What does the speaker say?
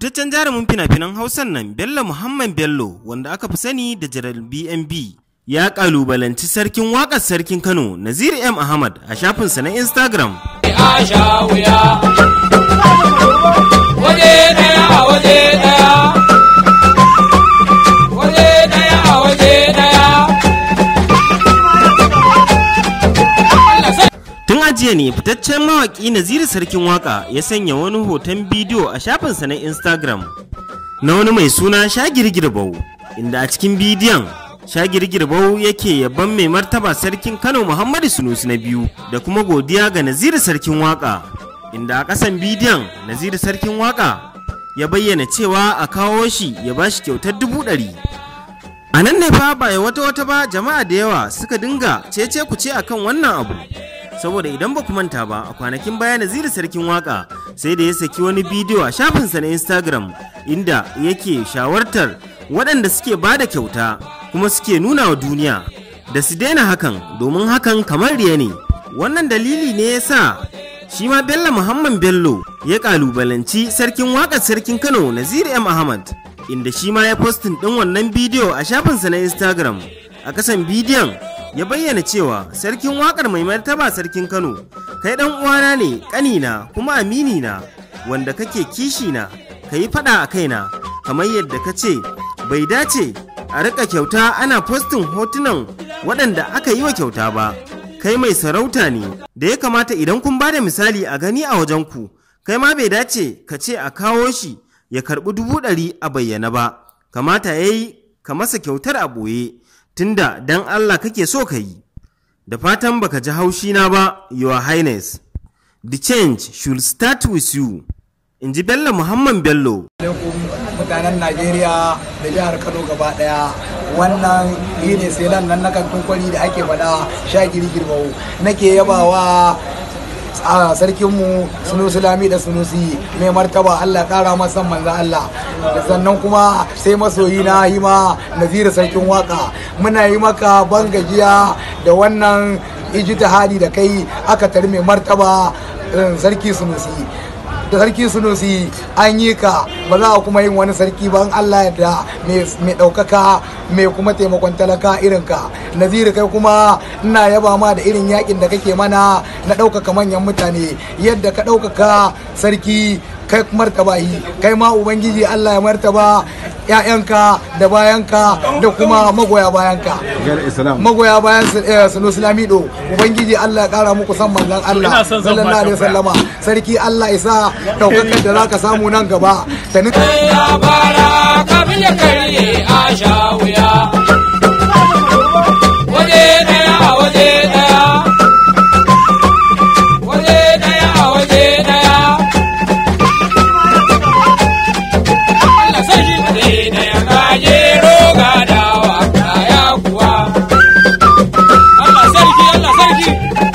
Fitaccen jarumin fina-finan Hausan nan Bello Muhammad Bello wanda aka fi sani da Jiral BNB ya kalubalanci sarkin waƙar sarkin Kano Nazir M Ahmad a shafinsa na Instagram. jiya ne fitaccen mawaƙi Naziru Sarkin Waka ya sanya wani hoton bidiyo a shafinsa na Instagram na wani mai suna Shagirgirbau, inda a cikin bidiyon Shagirgirbau yake yaban mai martaba Sarkin Kano Muhammadu sunusu na biyu da kuma godiya ga Naziru Sarkin Waka, inda a ƙasan bidiyon Naziru Sarkin Waka ya bayyana cewa a kawo shi ya ba shi kyautar dubu ɗari. A nan ne fa ba ya wata wata ba jama'a da yawa suka dinga cece ku ce akan wannan abu. saboda idan ba ku manta ba a kwanakin baya Naziru sarkin waka sai da ya saki wani bidiyo a shafinsa na Instagram inda yake shawartar waɗanda suke ba da kyauta kuma suke nuna wa duniya da su daina hakan domin hakan kamar riya ne wannan dalili ne ya sa shi ma Bello Muhammad Bello ya kalubalanci sarkin wakar sarkin Kano Naziru M Ahmad inda shi ma ya postin din wannan bidiyo a shafinsa na Instagram a kasan bidiyon ya bayyana cewa sarkin wakar mai martaba sarkin kano kai dan uwana ne kanina kuma amini na wanda kake kishi na ka yi fada a kaina kamar yadda ka ce bai dace a rika kyauta ana postin hotunan waɗanda aka yi wa kyauta ba kai mai sarauta ne da ya kamata idan kun ba da misali a gani a wajen ku, kai ma bai dace ka ce a kawo shi ya karbi dubu ɗari a bayyana ba kamata ya yi ka masa kyautar a ɓoye tunda dan Allah kake so ka yi. Da fatan baka ji haushi na ba, Your Highness. The change should start with you. In ji Bello Muhammad Bello. mutanen Najeriya da jihar Kano gaba daya wannan yi ne sai nan na kan kwari da ake faɗa sha girgirmau nake yabawa a sarkinmu sunusi lami da sunusi mai martaba allah kara masan manzan allah sannan kuma sai masoyi na hima nazira sarkin waka muna yi maka ban gajiya da wannan ta ijtihadi da kai aka tarme martaba eh, sarki sunusi da sarki sunusi an yi ka ba za a kuma yin wani sarki ba in Allah ya da mai ɗaukaka mai kuma taimakon talaka irin ka naziri kai kuma ina yaba ma da irin yakin da kake mana na ɗaukaka manyan mutane yadda ka ɗaukaka sarki kai martaba yi kai ma ubangiji Allah ya martaba ƴaƴanka da bayanka da kuma magoya bayanka magoya bayan eh, sanu do ubangiji Allah ya kara muku san manzan Allah sallallahu alaihi wasallama sarki Allah ya isa daukakar da zaka samu nan gaba ta nika ya bara kare a Thank you.